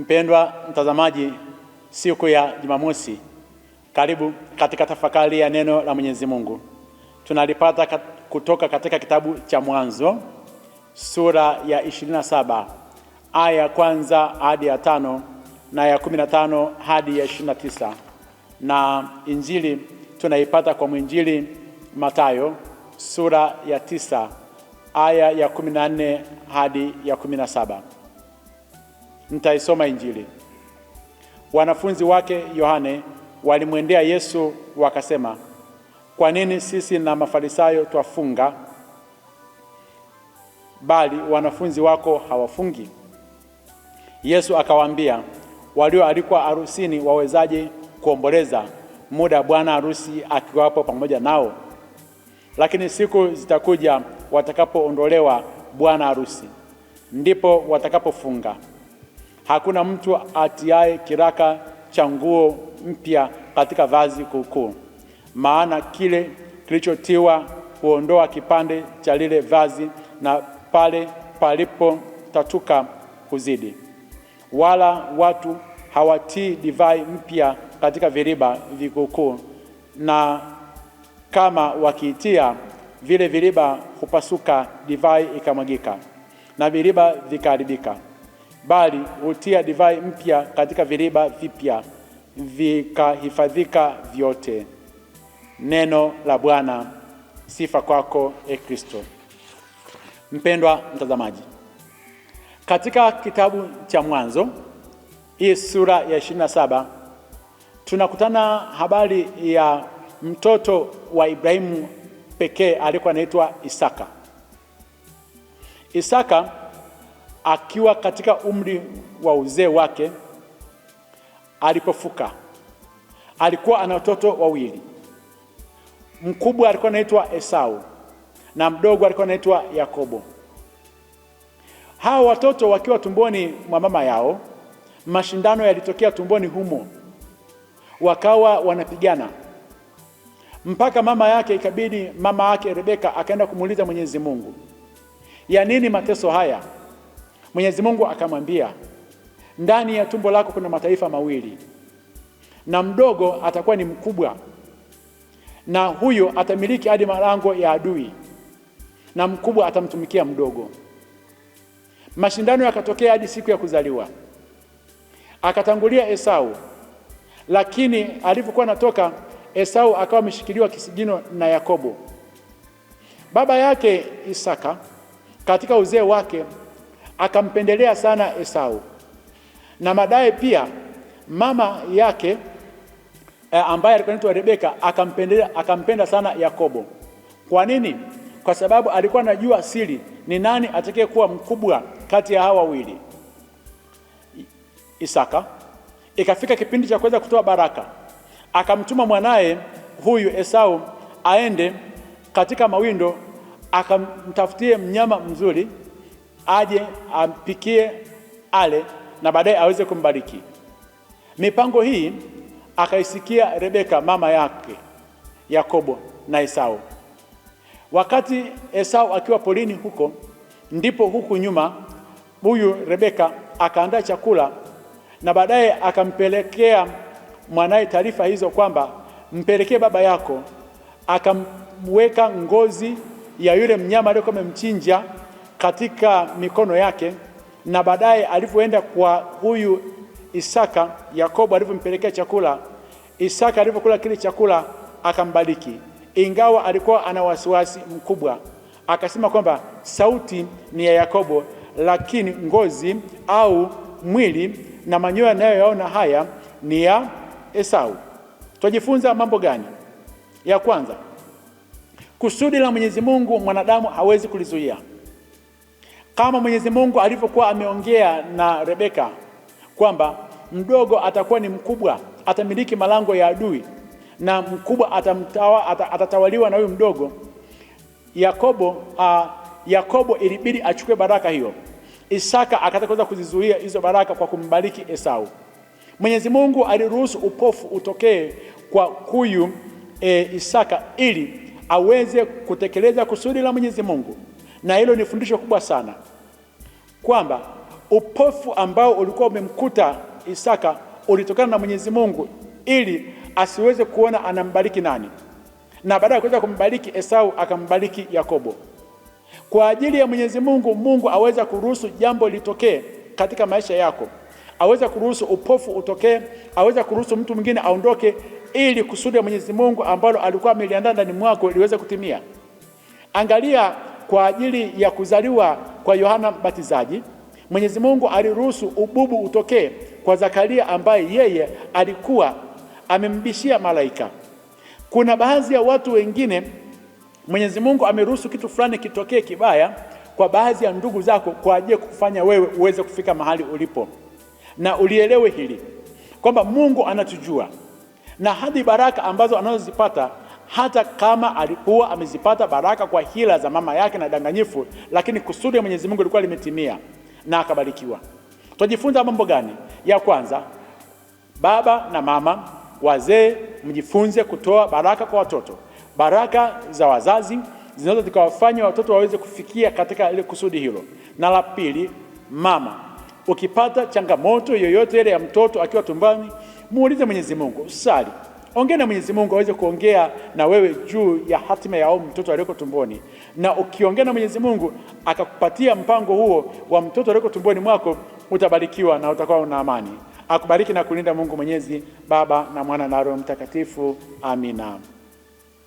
Mpendwa mtazamaji, siku ya Jumamosi, karibu katika tafakari ya neno la Mwenyezi Mungu. Tunalipata kutoka katika kitabu cha Mwanzo sura ya 27 aya ya kwanza hadi ya tano na ya 15 hadi ya 29, na injili tunaipata kwa mwinjili Matayo sura ya tisa aya ya 14 hadi ya 17. Nitaisoma Injili. Wanafunzi wake Yohane walimwendea Yesu wakasema, kwa nini sisi na Mafarisayo twafunga bali wanafunzi wako hawafungi? Yesu akawaambia, walioalikwa harusini wawezaje kuomboleza muda bwana harusi akiwapo pamoja nao? Lakini siku zitakuja watakapoondolewa bwana harusi, ndipo watakapofunga hakuna mtu atiaye kiraka cha nguo mpya katika vazi kuukuu, maana kile kilichotiwa huondoa kipande cha lile vazi, na pale palipotatuka huzidi. Wala watu hawatii divai mpya katika viriba vikuukuu, na kama wakiitia vile viriba hupasuka, divai ikamwagika, na viriba vikaharibika bali hutia divai mpya katika viriba vipya vikahifadhika vyote. Neno la Bwana. Sifa kwako e Kristo. Mpendwa mtazamaji, katika kitabu cha Mwanzo hii sura ya 27 tunakutana habari ya mtoto wa Ibrahimu pekee alikuwa anaitwa Isaka. Isaka akiwa katika umri wa uzee wake alipofuka. Alikuwa ana watoto wawili, mkubwa alikuwa anaitwa Esau na mdogo alikuwa anaitwa Yakobo. Hawa watoto wakiwa tumboni mwa mama yao, mashindano yalitokea tumboni humo, wakawa wanapigana mpaka mama yake ikabidi, mama yake Rebeka akaenda kumuuliza Mwenyezi Mungu, ya nini mateso haya? Mwenyezi Mungu akamwambia, ndani ya tumbo lako kuna mataifa mawili, na mdogo atakuwa ni mkubwa, na huyo atamiliki hadi malango ya adui, na mkubwa atamtumikia mdogo. Mashindano yakatokea hadi siku ya kuzaliwa, akatangulia Esau, lakini alipokuwa anatoka Esau akawa ameshikiliwa kisigino na Yakobo. Baba yake Isaka katika uzee wake akampendelea sana Esau, na baadaye pia mama yake eh, ambaye alikuwa anaitwa Rebeka akampendelea akampenda sana Yakobo. Kwa nini? Kwa sababu alikuwa anajua siri ni nani atakayekuwa mkubwa kati ya hawa wawili Isaka. Ikafika kipindi cha kuweza kutoa baraka, akamtuma mwanaye huyu Esau aende katika mawindo akamtafutie mnyama mzuri aje ampikie ale na baadaye aweze kumbariki. Mipango hii akaisikia Rebeka mama yake Yakobo na Esau. Wakati Esau akiwa polini huko, ndipo huku nyuma huyu Rebeka akaandaa chakula na baadaye akampelekea mwanaye taarifa hizo kwamba mpelekee baba yako. Akamweka ngozi ya yule mnyama aliyokuwa amemchinja katika mikono yake, na baadaye alivyoenda kwa huyu Isaka, Yakobo alivyompelekea chakula, Isaka alivyokula kile chakula akambariki, ingawa alikuwa ana wasiwasi mkubwa. Akasema kwamba sauti ni ya Yakobo, lakini ngozi au mwili na manyoya anayoyaona haya ni ya Esau. Twajifunza mambo gani? Ya kwanza, kusudi la Mwenyezi Mungu mwanadamu hawezi kulizuia kama Mwenyezi Mungu alivyokuwa ameongea na Rebeka kwamba mdogo atakuwa ni mkubwa, atamiliki malango ya adui na mkubwa atamtawa, atatawaliwa na huyu mdogo Yakobo. Uh, Yakobo ilibidi achukue baraka hiyo. Isaka akataka kuweza kuzizuia hizo baraka kwa kumbariki Esau. Mwenyezi Mungu aliruhusu upofu utokee kwa kuyu e, Isaka ili aweze kutekeleza kusudi la Mwenyezi Mungu, na hilo ni fundisho kubwa sana kwamba upofu ambao ulikuwa umemkuta Isaka ulitokana na Mwenyezi Mungu ili asiweze kuona anambariki nani, na baada ya kuweza kumbariki Esau akambariki Yakobo kwa ajili ya Mwenyezi Mungu. Mungu aweza kuruhusu jambo litokee katika maisha yako, aweza kuruhusu upofu utokee, aweza kuruhusu mtu mwingine aondoke, ili kusudi ya Mwenyezi Mungu ambalo alikuwa ameliandaa ndani mwako liweze kutimia. Angalia kwa ajili ya kuzaliwa kwa Yohana Mbatizaji, Mwenyezi Mungu aliruhusu ububu utokee kwa Zakaria ambaye yeye alikuwa amembishia malaika. Kuna baadhi ya watu wengine Mwenyezi Mungu ameruhusu kitu fulani kitokee kibaya kwa baadhi ya ndugu zako kwa ajili kufanya wewe uweze kufika mahali ulipo, na ulielewe hili kwamba Mungu anatujua na hadi baraka ambazo anazozipata hata kama alikuwa amezipata baraka kwa hila za mama yake na danganyifu, lakini kusudi ya Mwenyezi Mungu ilikuwa limetimia na akabarikiwa. Tunajifunza mambo gani? Ya kwanza, baba na mama wazee, mjifunze kutoa baraka kwa watoto. Baraka za wazazi zinaweza zikawafanya watoto waweze kufikia katika ile kusudi hilo. Na la pili, mama, ukipata changamoto yoyote ile ya mtoto akiwa tumbani, muulize Mwenyezi Mungu, sali Ongea na Mwenyezi Mungu aweze kuongea na wewe juu ya hatima ya mtoto aliyeko tumboni, na ukiongea na Mwenyezi Mungu akakupatia mpango huo wa mtoto aliyeko tumboni mwako, utabarikiwa na utakuwa una amani. Akubariki na kulinda Mungu Mwenyezi, Baba na Mwana na Roho Mtakatifu. Amina.